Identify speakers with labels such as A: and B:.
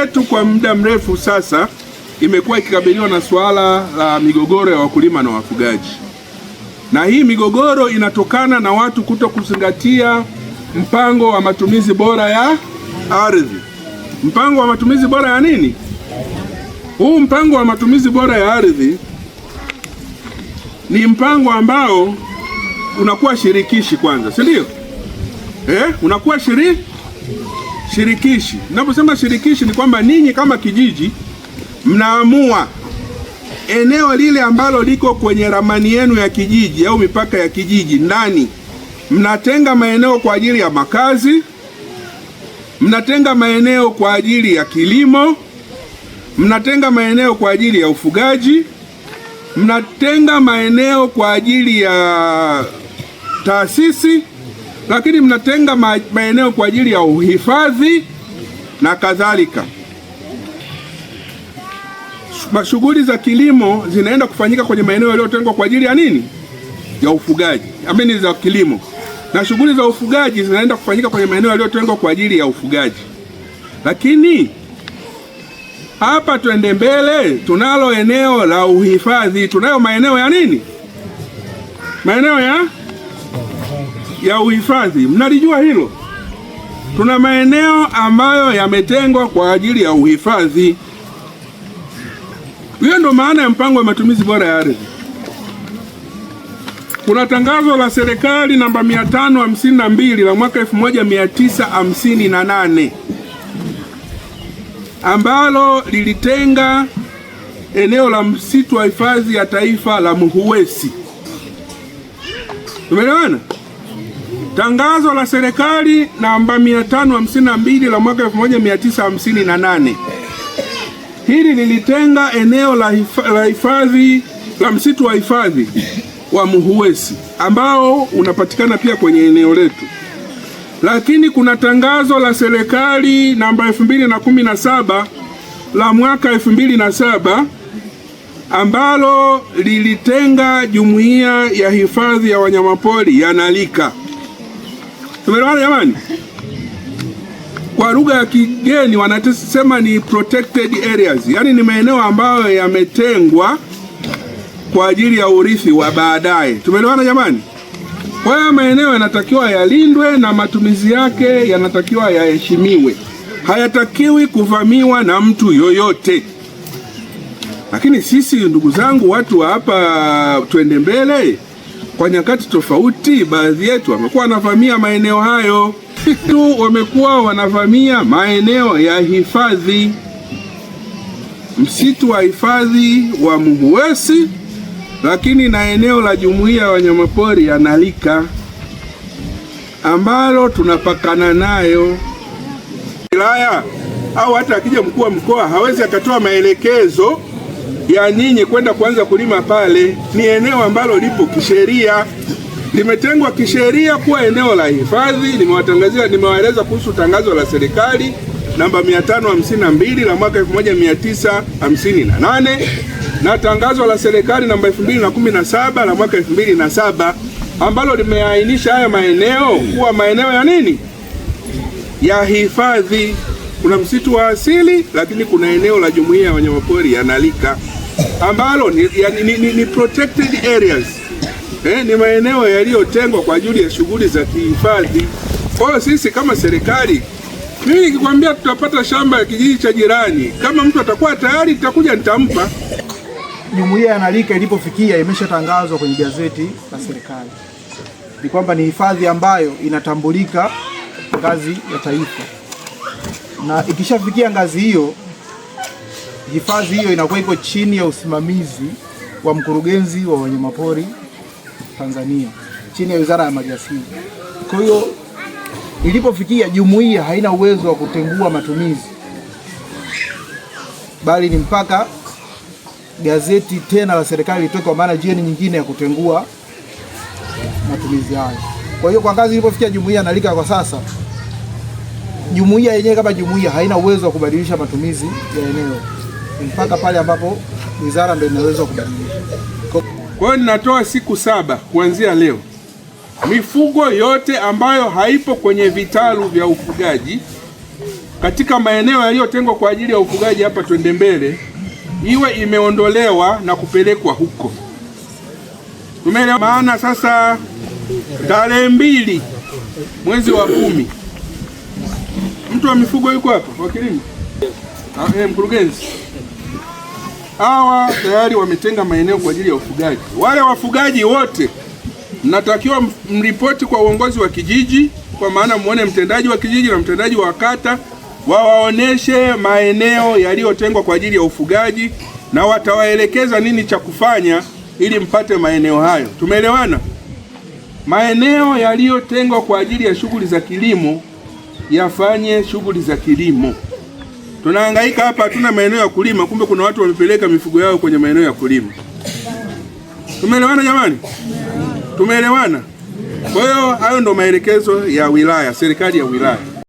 A: yetu kwa muda mrefu sasa imekuwa ikikabiliwa na suala la migogoro ya wakulima na wafugaji, na hii migogoro inatokana na watu kuto kuzingatia mpango wa matumizi bora ya ardhi. Mpango wa matumizi bora ya nini? Huu mpango wa matumizi bora ya ardhi ni mpango ambao unakuwa shirikishi kwanza, si ndio? Eh, unakuwa shiriki shirikishi. Ninaposema shirikishi ni kwamba ninyi kama kijiji mnaamua eneo lile ambalo liko kwenye ramani yenu ya kijiji au mipaka ya kijiji ndani, mnatenga maeneo kwa ajili ya makazi, mnatenga maeneo kwa ajili ya kilimo, mnatenga maeneo kwa ajili ya ufugaji, mnatenga maeneo kwa ajili ya taasisi lakini mnatenga maeneo kwa ajili ya uhifadhi na kadhalika. Shughuli za kilimo zinaenda kufanyika kwenye maeneo yaliyotengwa kwa ajili ya nini? Ya ufugaji, amini za kilimo, na shughuli za ufugaji zinaenda kufanyika kwenye maeneo yaliyotengwa kwa ajili ya ufugaji. Lakini hapa twende mbele, tunalo eneo la uhifadhi, tunayo maeneo ya nini? Maeneo ya ya uhifadhi. Mnalijua hilo? Tuna maeneo ambayo yametengwa kwa ajili ya uhifadhi. Hiyo ndo maana ya mpango wa matumizi bora ya ardhi. Kuna tangazo la serikali namba 552 la mwaka 1958 ambalo lilitenga eneo la msitu wa hifadhi ya taifa la Muhuwesi. Umeelewana? Tangazo la serikali namba 552 la mwaka 1958 hili lilitenga eneo la hifadhi la msitu wa hifadhi wa Muhuwesi ambao unapatikana pia kwenye eneo letu, lakini kuna tangazo la serikali namba 2017 la mwaka 2007 ambalo lilitenga jumuiya ya hifadhi ya wanyamapori ya Nalika Tumeelewana jamani? Kwa lugha ya kigeni wanasema ni protected areas, yaani ni maeneo ambayo yametengwa kwa ajili ya urithi wa baadaye. Tumeelewana jamani? Kwa hiyo maeneo yanatakiwa yalindwe na matumizi yake yanatakiwa yaheshimiwe, hayatakiwi kuvamiwa na mtu yoyote. Lakini sisi ndugu zangu, watu wa hapa Twende Mbele kwa nyakati tofauti, baadhi yetu wamekuwa wanavamia maeneo hayo tu, wamekuwa wanavamia maeneo ya hifadhi. Msitu wa hifadhi wa Muhuwesi, lakini na eneo la jumuiya ya wanyamapori ya Nalika ambalo tunapakana nayo wilaya, au hata akija mkuu wa mkoa hawezi akatoa maelekezo ya nyinyi kwenda kuanza kulima pale. Ni eneo ambalo lipo kisheria, limetengwa kisheria kuwa eneo la hifadhi. Nimewatangazia, nimewaeleza kuhusu tangazo la serikali namba 552 la mwaka 1958 na tangazo la serikali namba 2017 la mwaka 2007 ambalo limeainisha haya maeneo kuwa maeneo ya nini, ya hifadhi kuna msitu wa asili, lakini kuna eneo la jumuiya ya wanyamapori ya Nalika ambalo ni, ya, ni, ni, ni protected areas eh, ni maeneo yaliyotengwa kwa ajili ya shughuli za kihifadhi. Kwa hiyo sisi kama serikali, mimi nikikwambia tutapata shamba ya kijiji cha jirani, kama mtu atakuwa tayari, nitakuja nitampa.
B: Jumuiya ya Nalika ilipofikia imeshatangazwa kwenye gazeti la serikali, ni kwamba ni hifadhi ambayo inatambulika ngazi ya taifa na ikishafikia ngazi hiyo, hifadhi hiyo inakuwa iko chini ya usimamizi wa mkurugenzi wa wanyamapori Tanzania chini ya Wizara ya Maliasili. Kwa hiyo ilipofikia, jumuiya haina uwezo wa kutengua matumizi, bali ni mpaka gazeti tena la serikali litoke, kwa maana jioni nyingine ya kutengua matumizi hayo. Kwa hiyo kwa ngazi ilipofikia jumuiya nalika kwa sasa jumuiya yenyewe kama jumuiya haina uwezo wa kubadilisha matumizi ya eneo mpaka pale ambapo wizara ndio inaweza kubadilisha.
A: Kwa hiyo ninatoa siku saba kuanzia leo, mifugo yote ambayo haipo kwenye vitalu vya ufugaji katika maeneo yaliyotengwa kwa ajili ya ufugaji hapa twende mbele, iwe imeondolewa na kupelekwa huko. Tumeelewa maana. Sasa tarehe mbili mwezi wa kumi Mtu wa mifugo yuko hapa wa kilimo, ah, eh, mkurugenzi. Hawa tayari wametenga maeneo kwa ajili ya ufugaji. Wale wafugaji wote mnatakiwa mripoti kwa uongozi wa kijiji, kwa maana muone mtendaji wa kijiji na mtendaji wa kata, wawaoneshe maeneo yaliyotengwa kwa ajili ya ufugaji na watawaelekeza nini cha kufanya ili mpate maeneo hayo. Tumeelewana? Maeneo yaliyotengwa kwa ajili ya shughuli za kilimo yafanye shughuli za kilimo. Tunahangaika hapa, hatuna maeneo ya kulima, kumbe kuna watu wamepeleka mifugo yao kwenye maeneo ya kulima. Tumeelewana jamani? Tumeelewana. Kwa hiyo hayo ndo maelekezo ya wilaya, serikali ya wilaya.